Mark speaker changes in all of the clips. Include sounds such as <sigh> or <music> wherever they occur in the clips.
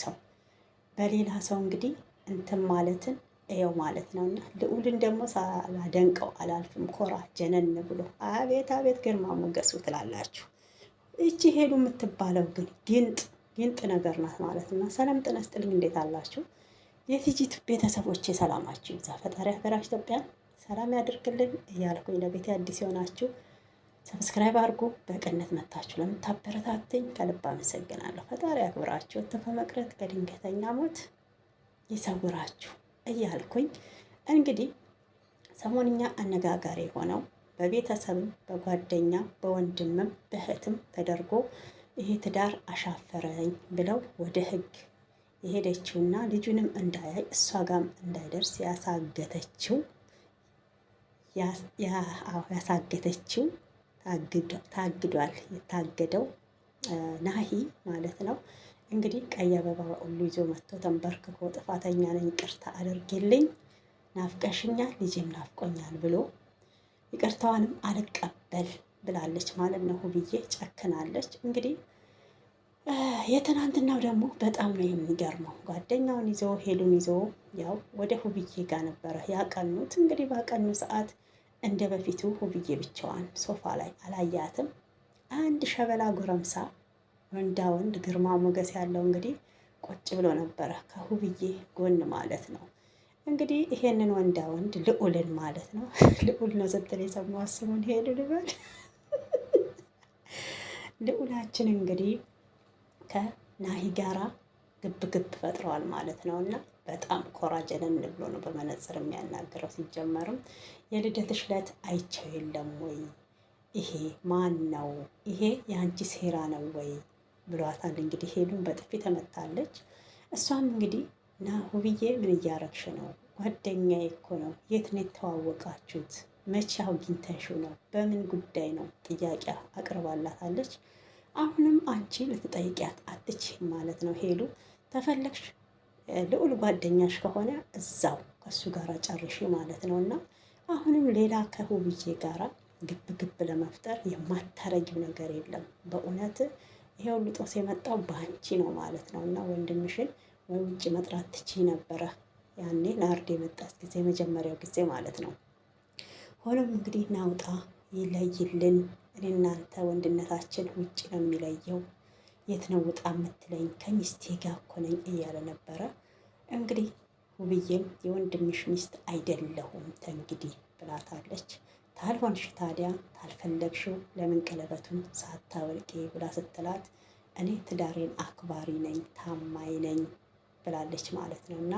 Speaker 1: ሰው በሌላ ሰው እንግዲህ እንትን ማለትን እየው ማለት ነው። እና ልዑልን ደግሞ ሳላደንቀው አላልፍም። ኮራ ጀነን ብሎ አቤት አቤት ግርማ ሞገሱ ትላላችሁ። እቺ ሄዱ የምትባለው ግን ግንጥ ግንጥ ነገር ናት ማለት ነው። ሰላም ጤና ይስጥልኝ። እንዴት አላችሁ የቲጂት ቤተሰቦች? ሰላማችሁ ይብዛ። ፈጣሪ ሀገራችን ኢትዮጵያን ሰላም ያድርግልን እያልኩኝ ለቤት አዲስ የሆናችሁ ሰብስክራይብ አድርጎ በቅነት መታችሁ ለምታበረታትኝ ከልብ አመሰግናለሁ። ፈጣሪ አክብራችሁ ተፈመቅረት ከድንገተኛ ሞት ይሰውራችሁ እያልኩኝ እንግዲህ ሰሞንኛ አነጋጋሪ የሆነው በቤተሰብም በጓደኛ በወንድምም በእህትም ተደርጎ ይሄ ትዳር አሻፈረኝ ብለው ወደ ህግ የሄደችውና ልጁንም እንዳያይ እሷ ጋም እንዳይደርስ ያሳገተችው ያሳገተችው ታግዷል። የታገደው ናሂ ማለት ነው። እንግዲህ ቀይ አበባ ሁሉ ይዞ መጥቶ ተንበርክኮ ጥፋተኛ ነኝ፣ ይቅርታ አድርጌልኝ፣ ናፍቀሽኛል፣ ልጅም ናፍቆኛል ብሎ ይቅርታዋንም አልቀበል ብላለች ማለት ነው። ሁብዬ ጨክናለች። እንግዲህ የትናንትናው ደግሞ በጣም ነው የሚገርመው። ጓደኛውን ይዞ ሄሉን ይዞ ያው ወደ ሁብዬ ጋር ነበረ ያቀኑት። እንግዲህ ባቀኑ ሰዓት እንደ በፊቱ ሁብዬ ብቻዋን ሶፋ ላይ አላያትም። አንድ ሸበላ ጎረምሳ ወንዳ ወንድ ግርማ ሞገስ ያለው እንግዲህ ቁጭ ብሎ ነበረ ከሁብዬ ጎን ማለት ነው። እንግዲህ ይሄንን ወንዳ ወንድ ልዑልን ማለት ነው። <laughs> ልዑል ነው ስትል የሰማሁት ስሙን ሄድ ልበል። <laughs> ልዑላችን እንግዲህ ከናሂ ጋራ ግብ ግብ ፈጥረዋል ማለት ነው እና በጣም ኮራ ጀነን ብሎ ነው በመነጽር የሚያናግረው። ሲጀመርም የልደትሽ ዕለት አይቸው የለም ወይ? ይሄ ማን ነው? ይሄ የአንቺ ሴራ ነው ወይ ብሏታል። እንግዲህ ሄሉን በጥፊ ተመታለች። እሷም እንግዲህ ና ሁብዬ፣ ምን እያረግሽ ነው? ጓደኛዬ እኮ ነው። የት ነው የተዋወቃችሁት? መቼ አግኝተሽው ነው? በምን ጉዳይ ነው? ጥያቄ አቅርባላታለች። አሁንም አንቺ ልትጠይቂያት አትችም ማለት ነው ሄሉ ተፈለግሽ ልዑል ጓደኛሽ ከሆነ እዛው ከሱ ጋር ጨርሽ ማለት ነው እና አሁንም ሌላ ከሁብዬ ጋራ ግብ ግብ ለመፍጠር የማታረጊው ነገር የለም። በእውነት ይሄ ሁሉ ጦስ የመጣው በአንቺ ነው ማለት ነው እና ወንድምሽን ወይ ውጭ መጥራት ትቺ ነበረ ያኔ ለአርድ የመጣት ጊዜ የመጀመሪያው ጊዜ ማለት ነው። ሆኖም እንግዲህ ናውጣ ይለይልን። እኔ እናንተ ወንድነታችን ውጭ ነው የሚለየው የት ነው ውጣ የምትለኝ? ከሚስቴ ጋር እኮ ነኝ እያለ ነበረ። እንግዲህ ውብዬም የወንድምሽ ሚስት አይደለሁም ተንግዲህ ብላታለች። ታልሆንሽ ታዲያ ታልፈለግሽው ለምን ቀለበቱን ሳታወልቂ ብላ ስትላት እኔ ትዳሬን አክባሪ ነኝ ታማኝ ነኝ ብላለች ማለት ነው። እና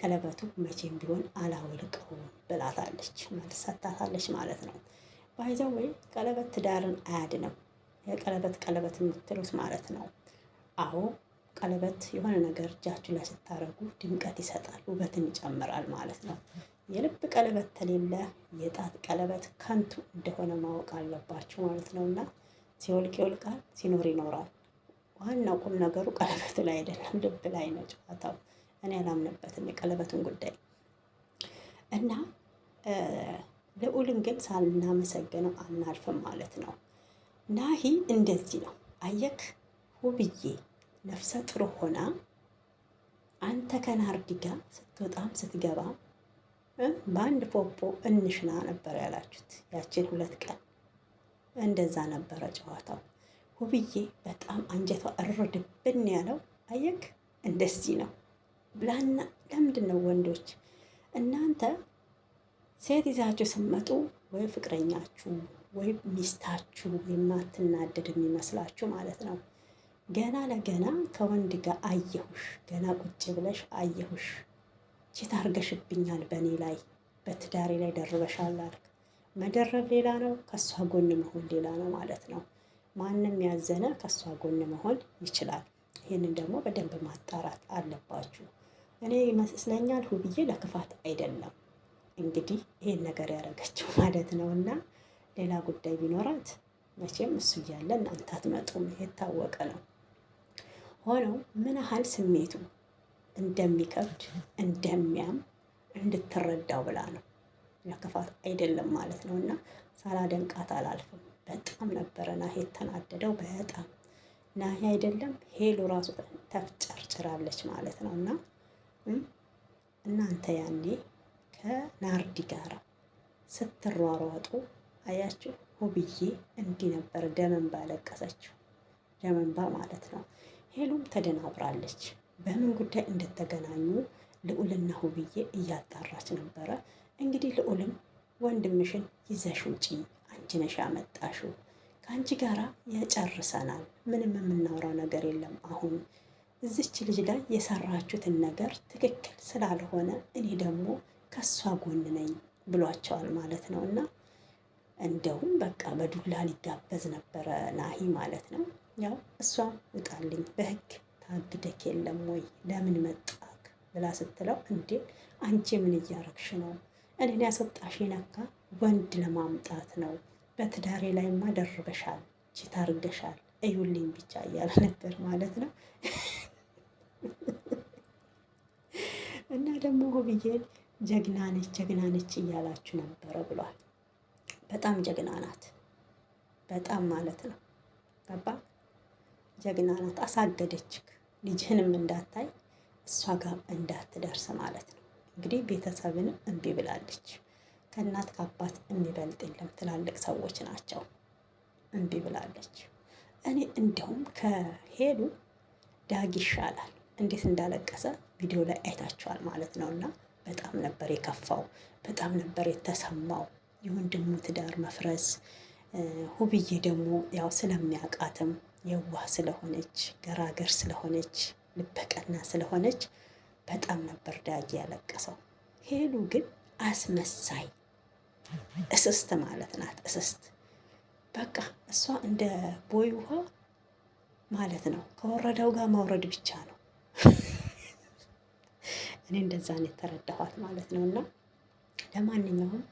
Speaker 1: ቀለበቱ መቼም ቢሆን አላወልቀውም ብላታለች መልስ ሰታታለች ማለት ነው። ባይዘው ወይ ቀለበት ትዳርን አያድንም። ቀለበት ቀለበት የምትሉት ማለት ነው። አዎ ቀለበት የሆነ ነገር እጃችሁ ላይ ስታደርጉ ድምቀት ይሰጣል፣ ውበትን ይጨምራል ማለት ነው። የልብ ቀለበት ተሌለ የጣት ቀለበት ከንቱ እንደሆነ ማወቅ አለባችሁ ማለት ነው። እና ሲወልቅ ይወልቃል፣ ሲኖር ይኖራል። ዋናው ቁም ነገሩ ቀለበት ላይ አይደለም፣ ልብ ላይ ነው ጨዋታው። እኔ አላምንበትም የቀለበትን ጉዳይ እና ልዑልን ግን ሳናመሰግነው አናልፍም ማለት ነው። ናሂ እንደዚህ ነው አየክ ውብዬ ነፍሰ ጥሩ ሆና አንተ ከናርዲ ጋር ስትወጣም ስትገባ በአንድ ፖፖ እንሽና ነበር ያላችሁት። ያችን ሁለት ቀን እንደዛ ነበረ ጨዋታው። ውብዬ በጣም አንጀቷ እር ድብን ያለው አየክ እንደዚህ ነው ብላና ለምንድን ነው ወንዶች እናንተ ሴት ይዛችሁ ስትመጡ ወይ ፍቅረኛችሁ ወይ ሚስታችሁ የማትናደድ የሚመስላችሁ ማለት ነው። ገና ለገና ከወንድ ጋር አየሁሽ፣ ገና ቁጭ ብለሽ አየሁሽ፣ ቺት አርገሽብኛል፣ በእኔ ላይ በትዳሬ ላይ ደርበሻል አልክ። መደረብ ሌላ ነው፣ ከእሷ ጎን መሆን ሌላ ነው ማለት ነው። ማንም ያዘነ ከእሷ ጎን መሆን ይችላል። ይህንን ደግሞ በደንብ ማጣራት አለባችሁ። እኔ ይመስለኛል ሁብዬ ለክፋት አይደለም እንግዲህ ይሄን ነገር ያደረገችው ማለት ነው። እና ሌላ ጉዳይ ቢኖራት መቼም እሱ እያለ እናንተ አትመጡም፣ የታወቀ ነው። ሆነው ምን ያህል ስሜቱ እንደሚከብድ እንደሚያም እንድትረዳው ብላ ነው። ለክፋት አይደለም ማለት ነው። እና ሳላደንቃት አላልፍም። በጣም ነበረ ናሄ የተናደደው በጣም ናሄ አይደለም ሄሉ ራሱ ተፍጨርጭራለች ማለት ነው እና እናንተ ያኔ ከናርዲ ጋር ስትሯሯጡ አያችሁ። ሆብዬ እንዲህ ነበር ደመንባ ለቀሰችው ደመንባ ማለት ነው። ሄሉም ተደናብራለች። በምን ጉዳይ እንደተገናኙ ልዑልና ሆብዬ እያጣራች ነበረ። እንግዲህ ልዑልም ወንድምሽን ይዘሽ ውጪ፣ አንቺ ነሽ ያመጣሽው፣ ከአንቺ ጋራ ያጨርሰናል፣ ምንም የምናወራው ነገር የለም። አሁን እዚች ልጅ ላይ የሰራችሁትን ነገር ትክክል ስላልሆነ እኔ ደግሞ ከእሷ ጎን ነኝ ብሏቸዋል ማለት ነው። እና እንደውም በቃ በዱላ ሊጋበዝ ነበረ ናሂ ማለት ነው። ያው እሷ ውጣልኝ በህግ ታግደክ የለም ወይ ለምን መጣክ ብላ ስትለው እንዴ አንቺ ምን እያረግሽ ነው? እኔን ያስወጣሽ ነካ ወንድ ለማምጣት ነው። በትዳሬ ላይማ ደርበሻል፣ ቺት እዩልኝ ብቻ እያለ ነበር ማለት ነው። <laughs> እና ደግሞ ሆብዬን ጀግና ነች ጀግና ነች እያላችሁ ነበረ ብሏል። በጣም ጀግና ናት፣ በጣም ማለት ነው። ገባ ጀግና ናት። አሳገደችክ፣ ልጅህንም እንዳታይ እሷ ጋር እንዳትደርስ ማለት ነው። እንግዲህ ቤተሰብንም እምቢ ብላለች። ከእናት ከአባት የሚበልጥ የለም ትላልቅ ሰዎች ናቸው። እምቢ ብላለች። እኔ እንዲያውም ከሄሉ ዳግ ይሻላል። እንዴት እንዳለቀሰ ቪዲዮ ላይ አይታችኋል ማለት ነው እና በጣም ነበር የከፋው፣ በጣም ነበር የተሰማው የወንድሙ ትዳር መፍረስ። ሁብዬ ደግሞ ያው ስለሚያውቃትም የዋህ ስለሆነች ገራገር ስለሆነች ልበቀና ስለሆነች በጣም ነበር ዳጊ ያለቀሰው። ሄሉ ግን አስመሳይ እስስት ማለት ናት። እስስት በቃ እሷ እንደ ቦይ ውሃ ማለት ነው። ከወረደው ጋር ማውረድ ብቻ ነው። እኔ እንደዛ ነው የተረዳኋት ማለት ነው። እና ለማንኛውም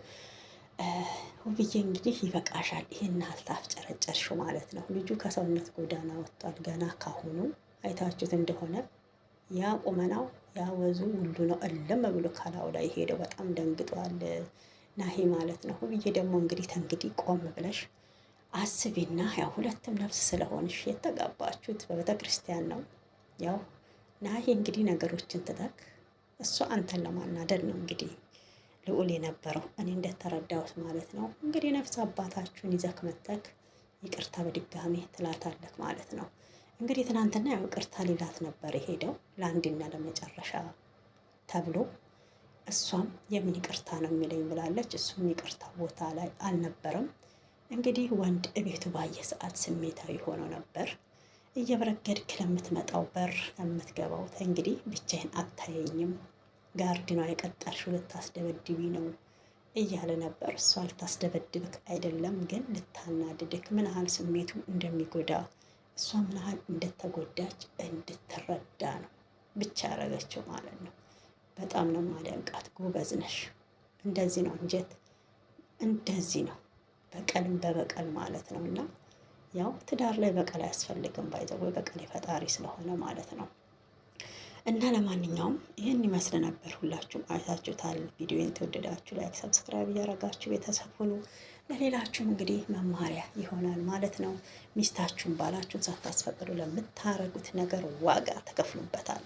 Speaker 1: ውብዬ እንግዲህ ይበቃሻል፣ አልታፍ አልታፍጨረጨርሽው ማለት ነው። ልጁ ከሰውነት ጎዳና ወጥቷል ገና ካሁኑ አይታችሁት እንደሆነ ያ ቁመናው ያ ወዙ ሁሉ ነው እልም ብሎ ካላው ላይ ሄደው በጣም ደንግጧል ናሂ ማለት ነው። ውብዬ ደግሞ እንግዲህ ተንግዲህ ቆም ብለሽ አስቢና ያው ሁለትም ነፍስ ስለሆንሽ የተጋባችሁት በቤተ ክርስቲያን ነው። ያው ናሂ እንግዲህ ነገሮችን ትተክ እሱ አንተን ለማናደድ ነው እንግዲህ ልዑል የነበረው እኔ እንደተረዳሁት ማለት ነው። እንግዲህ ነፍስ አባታችሁን ይዘክ መተክ ይቅርታ በድጋሚ ትላታለክ ማለት ነው። እንግዲህ ትናንትና ያው ይቅርታ ሌላት ነበር የሄደው ለአንድና ለመጨረሻ ተብሎ እሷም የምን ይቅርታ ነው የሚለኝ ብላለች። እሱም ይቅርታ ቦታ ላይ አልነበረም። እንግዲህ ወንድ እቤቱ ባየ ሰዓት ስሜታዊ ሆኖ ነበር። እየበረገድክ ለምትመጣው በር ለምትገባው እንግዲህ ብቻዬን አታየኝም ጋርዲኗ የቀጠርሽው ልታስደበድቢ ነው እያለ ነበር። እሷ ልታስደበድብክ አይደለም ግን ልታናድድክ፣ ምን ያህል ስሜቱ እንደሚጎዳ እሷ ምን ያህል እንደተጎዳች እንድትረዳ ነው ብቻ ያደረገችው ማለት ነው። በጣም ነው ማደንቃት። ጎበዝ ነሽ። እንደዚህ ነው እንጀት፣ እንደዚህ ነው በቀልም በበቀል ማለት ነው እና ያው ትዳር ላይ በቀል አያስፈልግም። ባይዘው ወይ በቀል የፈጣሪ ስለሆነ ማለት ነው። እና ለማንኛውም ይህን ይመስል ነበር። ሁላችሁም አይታችሁታል። ቪዲዮን ተወደዳችሁ ላይክ፣ ሰብስክራይብ እያደረጋችሁ ቤተሰብ ሁኑ። ለሌላችሁም እንግዲህ መማሪያ ይሆናል ማለት ነው። ሚስታችሁን ባላችሁን ሳታስፈቅዱ ለምታረጉት ነገር ዋጋ ተከፍሉበታል።